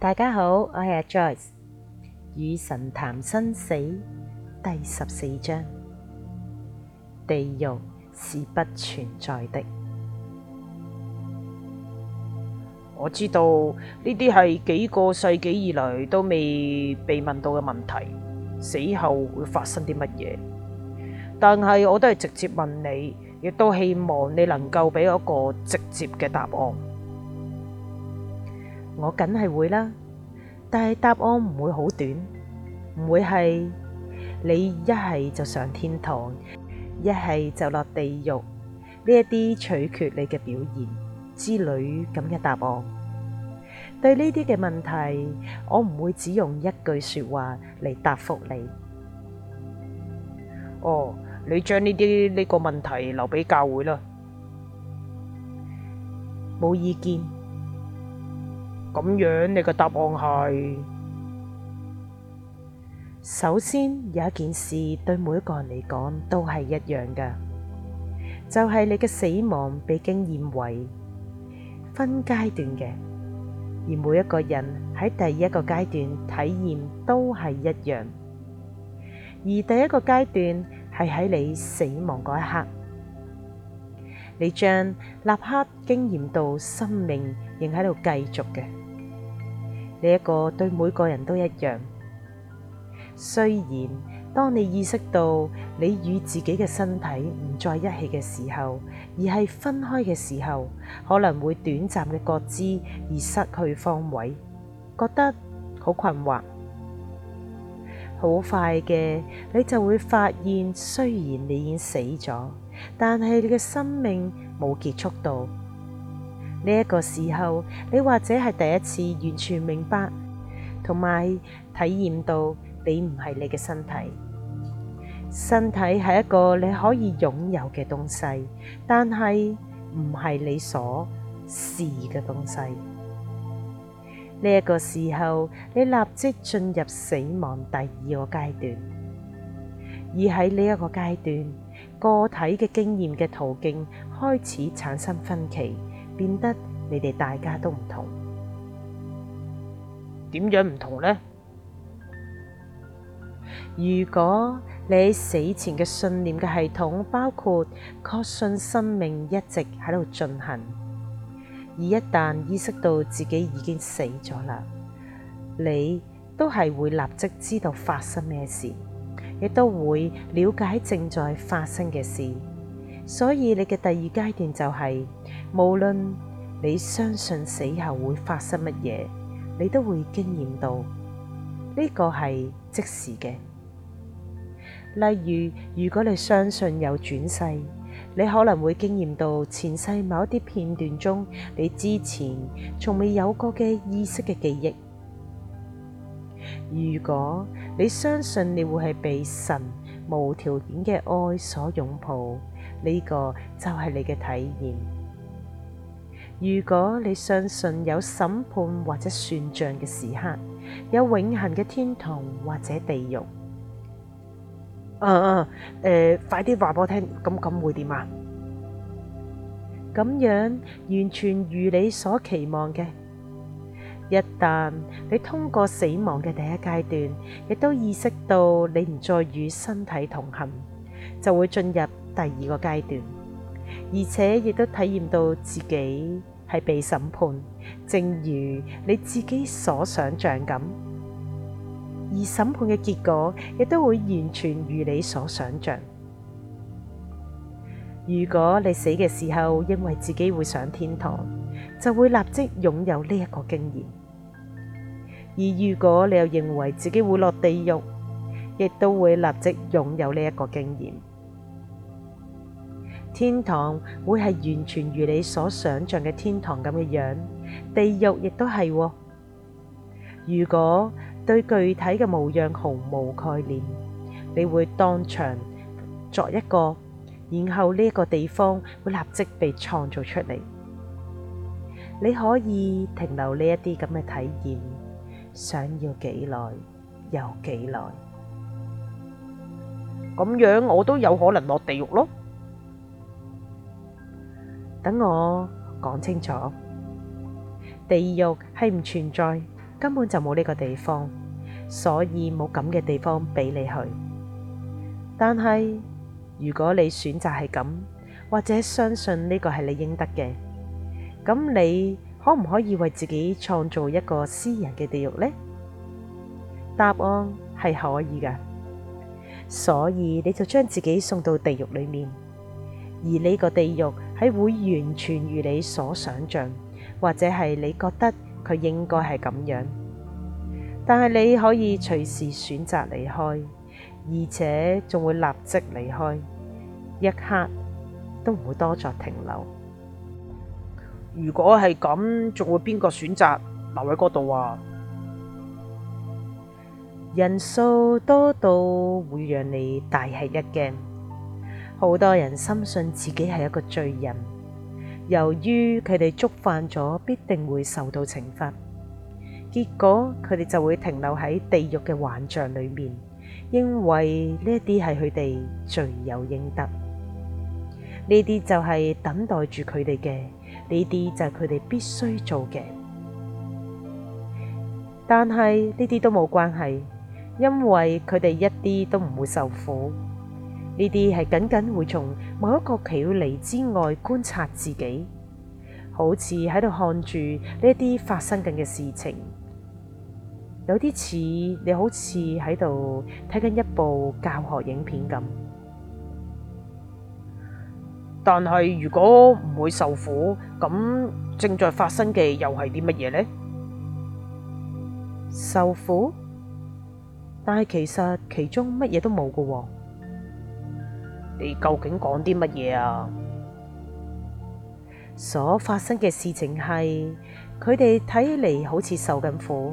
大家好，我係 Joyce，與神談生死第十四章，地獄是不存在的。我知道呢啲係幾個世紀以來都未被問到嘅問題，死後會發生啲乜嘢？但係我都係直接問你，亦都希望你能夠俾我一個直接嘅答案。我梗係會啦，但係答案唔會好短，唔會係你一係就上天堂，一係就落地獄呢一啲取決你嘅表現之類咁嘅答案。對呢啲嘅問題，我唔會只用一句說話嚟答覆你。哦，你將呢啲呢個問題留俾教會啦，冇意見。咁樣，你個答案係首先有一件事對每一個人嚟講都係一樣㗎，就係你嘅死亡被經驗為分階段嘅，而每一個人喺第一個階段體驗都係一樣，而第一個階段係喺你死亡嗰一刻，你將立刻經驗到生命仍喺度繼續嘅。呢一個對每個人都一樣。雖然當你意識到你與自己嘅身體唔再一起嘅時候，而係分開嘅時候，可能會短暫嘅覺知而失去方位，覺得好困惑。好快嘅你就會發現，雖然你已經死咗，但係你嘅生命冇結束到。呢一個時候，你或者係第一次完全明白同埋體驗到，你唔係你嘅身體，身體係一個你可以擁有嘅東西，但係唔係你所是嘅東西。呢一個時候，你立即進入死亡第二個階段，而喺呢一個階段，個體嘅經驗嘅途徑開始產生分歧。變得你哋大家都唔同，點樣唔同呢？如果你死前嘅信念嘅系統包括確信生命一直喺度進行，而一旦意識到自己已經死咗啦，你都係會立即知道發生咩事，亦都會了解正在發生嘅事。所以你嘅第二階段就係，無論你相信死後會發生乜嘢，你都會經驗到呢個係即時嘅。例如，如果你相信有轉世，你可能會經驗到前世某一啲片段中你之前從未有過嘅意識嘅記憶。如果你相信你會係被神無條件嘅愛所擁抱。呢個就係你嘅體驗。如果你相信有審判或者算賬嘅時刻，有永恆嘅天堂或者地獄，嗯嗯誒，快啲話畀我聽。咁咁會點啊？咁樣完全如你所期望嘅。一旦你通過死亡嘅第一階段，亦都意識到你唔再與身體同行，就會進入第二個階段，而且亦都體驗到自己係被審判，正如你自己所想象咁。而審判嘅結果亦都會完全如你所想象。如果你死嘅時候，認為自己會上天堂，就會立即擁有呢一個經驗；而如果你又認為自己會落地獄，亦都會立即擁有呢一個經驗。天堂會係完全如你所想象嘅天堂咁嘅樣，地獄亦都係。如果對具體嘅模樣毫無概念，你會當場作一個，然後呢個地方會立即被創造出嚟。你可以停留呢一啲咁嘅體驗，想要幾耐有幾耐。咁樣我都有可能落地獄咯。等我講清楚，地獄係唔存在，根本就冇呢個地方，所以冇咁嘅地方俾你去。但係如果你選擇係咁，或者相信呢個係你應得嘅，咁你可唔可以為自己創造一個私人嘅地獄呢？答案係可以噶，所以你就將自己送到地獄裏面，而呢個地獄。係會完全如你所想象，或者係你覺得佢應該係咁樣，但係你可以隨時選擇離開，而且仲會立即離開，一刻都唔會多作停留。如果係咁，仲會邊個選擇留喺嗰度啊？人數多到會讓你大吃一驚。好多人深信自己係一個罪人，由於佢哋觸犯咗，必定會受到懲罰。結果佢哋就會停留喺地獄嘅幻象裏面，因為呢一啲係佢哋罪有應得。呢啲就係等待住佢哋嘅，呢啲就係佢哋必須做嘅。但係呢啲都冇關係，因為佢哋一啲都唔會受苦。呢啲係僅僅會從某一個距離之外觀察自己，好似喺度看住呢一啲發生緊嘅事情，有啲似你好似喺度睇緊一部教學影片咁。但係如果唔會受苦，咁正在發生嘅又係啲乜嘢呢？受苦？但係其實其中乜嘢都冇噶。你究竟講啲乜嘢啊？所發生嘅事情係佢哋睇起嚟好似受緊苦，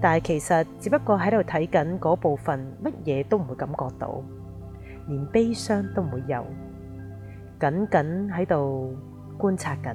但係其實只不過喺度睇緊嗰部分，乜嘢都唔會感覺到，連悲傷都唔會有，僅僅喺度觀察緊。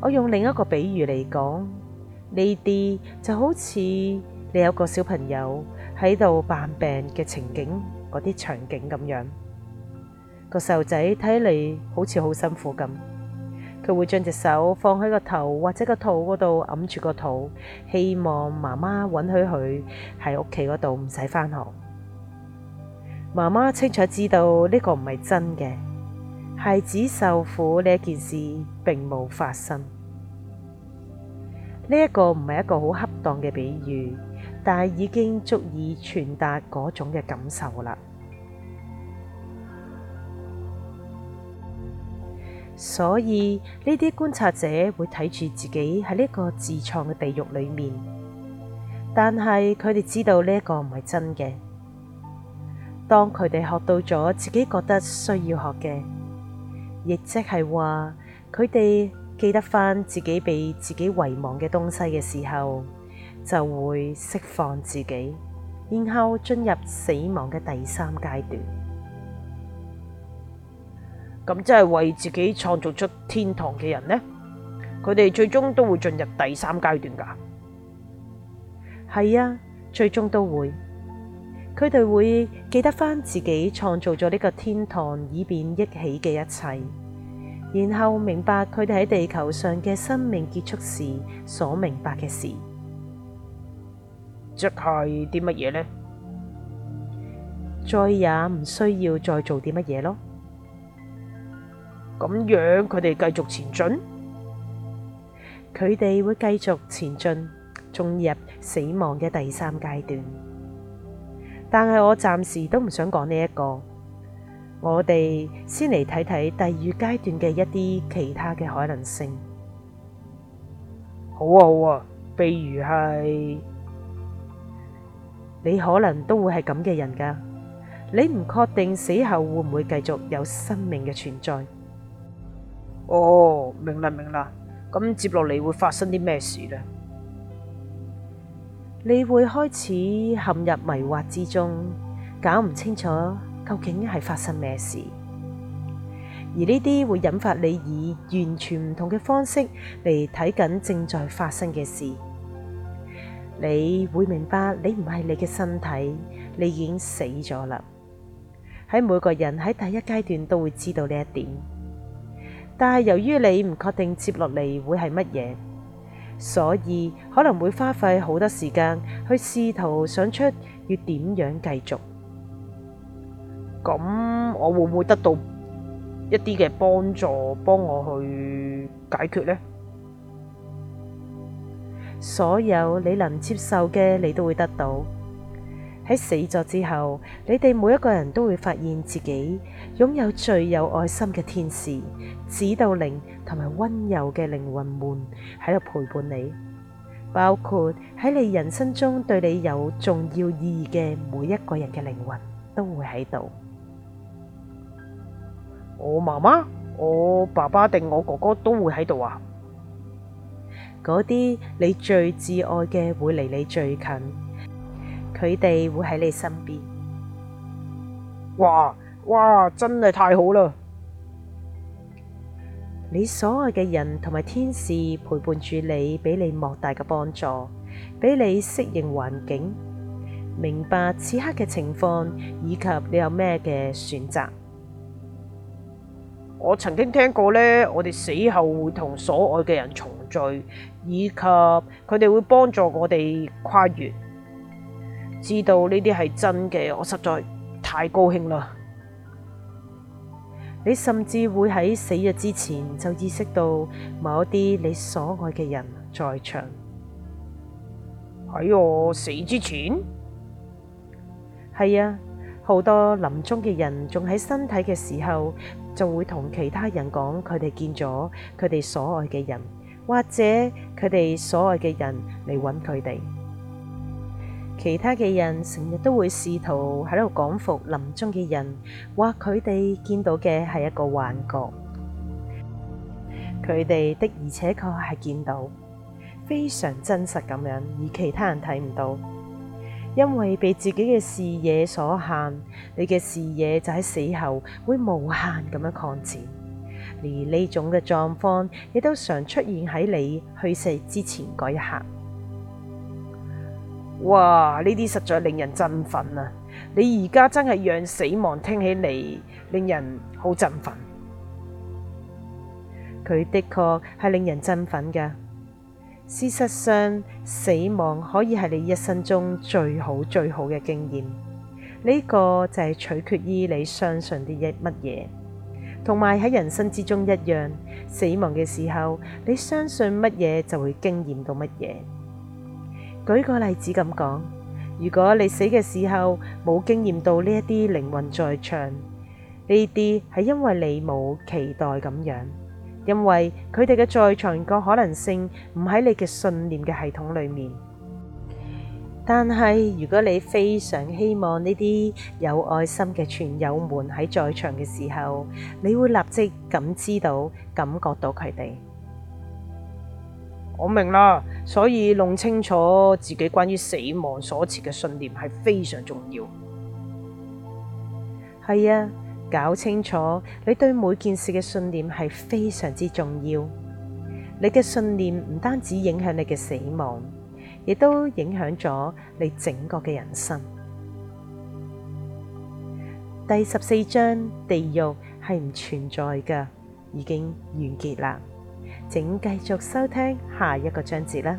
我用另一個比喻嚟講，呢啲就好似你有個小朋友喺度扮病嘅情景。嗰啲場景咁樣，個細路仔睇嚟好似好辛苦咁，佢會將隻手放喺個頭或者個肚嗰度揞住個肚，希望媽媽允許佢喺屋企嗰度唔使翻學。媽媽清楚知道呢個唔係真嘅，孩子受苦呢一件事並冇發生。呢一個唔係一個好恰當嘅比喻。但已經足以傳達嗰種嘅感受啦。所以呢啲觀察者會睇住自己喺呢個自創嘅地獄裏面，但係佢哋知道呢個唔係真嘅。當佢哋學到咗自己覺得需要學嘅，亦即係話佢哋記得翻自己被自己遺忘嘅東西嘅時候。就會釋放自己，然後進入死亡嘅第三階段。咁即係為自己創造出天堂嘅人呢？佢哋最終都會進入第三階段噶。係啊，最終都會。佢哋會記得翻自己創造咗呢個天堂，以便憶起嘅一切，然後明白佢哋喺地球上嘅生命結束時所明白嘅事。即係啲乜嘢呢？再也唔需要再做啲乜嘢咯。咁樣佢哋繼續前進，佢哋會繼續前進，進入死亡嘅第三階段。但係我暫時都唔想講呢一個，我哋先嚟睇睇第二階段嘅一啲其他嘅可能性。好啊，好啊，譬如係。你可能都會係咁嘅人噶，你唔確定死後會唔會繼續有生命嘅存在。哦，明啦明啦，咁接落嚟會發生啲咩事呢？你會開始陷入迷惑之中，搞唔清楚究竟係發生咩事，而呢啲會引發你以完全唔同嘅方式嚟睇緊正在發生嘅事。你會明白，你唔係你嘅身體，你已經死咗啦。喺每個人喺第一階段都會知道呢一點，但係由於你唔確定接落嚟會係乜嘢，所以可能會花費好多時間去試圖想出要點樣繼續。咁我會唔會得到一啲嘅幫助，幫我去解決呢？所有你能接受嘅，你都會得到。喺死咗之後，你哋每一個人都會發現自己擁有最有愛心嘅天使、指導靈同埋温柔嘅靈魂們喺度陪伴你，包括喺你人生中對你有重要意義嘅每一個人嘅靈魂都會喺度。我媽媽、我爸爸定我哥哥都會喺度啊！嗰啲你最摯愛嘅會離你最近，佢哋會喺你身邊。哇哇，真係太好啦！你所愛嘅人同埋天使陪伴住你，俾你莫大嘅幫助，俾你適應環境，明白此刻嘅情況以及你有咩嘅選擇。我曾經聽過呢：「我哋死後會同所愛嘅人重。」以及佢哋會幫助我哋跨越，知道呢啲係真嘅，我實在太高興啦！你甚至會喺死日之前就意識到某一啲你所愛嘅人在場。喺我死之前？係啊，好多臨終嘅人仲喺身體嘅時候，就會同其他人講佢哋見咗佢哋所愛嘅人。或者佢哋所愛嘅人嚟揾佢哋，其他嘅人成日都會試圖喺度講服臨終嘅人，話佢哋見到嘅係一個幻覺。佢哋的而且確係見到，非常真實咁樣，而其他人睇唔到，因為被自己嘅視野所限。你嘅視野就喺死後會無限咁樣擴展。而呢種嘅狀況，亦都常出現喺你去世之前嗰一刻。哇！呢啲實在令人振奮啊！你而家真係讓死亡聽起嚟令人好振奮。佢的確係令人振奮㗎。事實上，死亡可以係你一生中最好最好嘅經驗。呢個就係取決於你相信啲乜嘢。同埋喺人生之中一樣，死亡嘅時候，你相信乜嘢就會經驗到乜嘢。舉個例子咁講，如果你死嘅時候冇經驗到呢一啲靈魂在場，呢啲係因為你冇期待咁樣，因為佢哋嘅在場個可能性唔喺你嘅信念嘅系統裏面。但係，如果你非常希望呢啲有愛心嘅傳友們喺在場嘅時候，你會立即感知到、感覺到佢哋。我明啦，所以弄清楚自己關於死亡所持嘅信念係非常重要。係啊，搞清楚你對每件事嘅信念係非常之重要。你嘅信念唔單止影響你嘅死亡，亦都影響咗你整個嘅人生。第十四章《地獄》係唔存在嘅，已經完結啦。請繼續收聽下一個章節啦。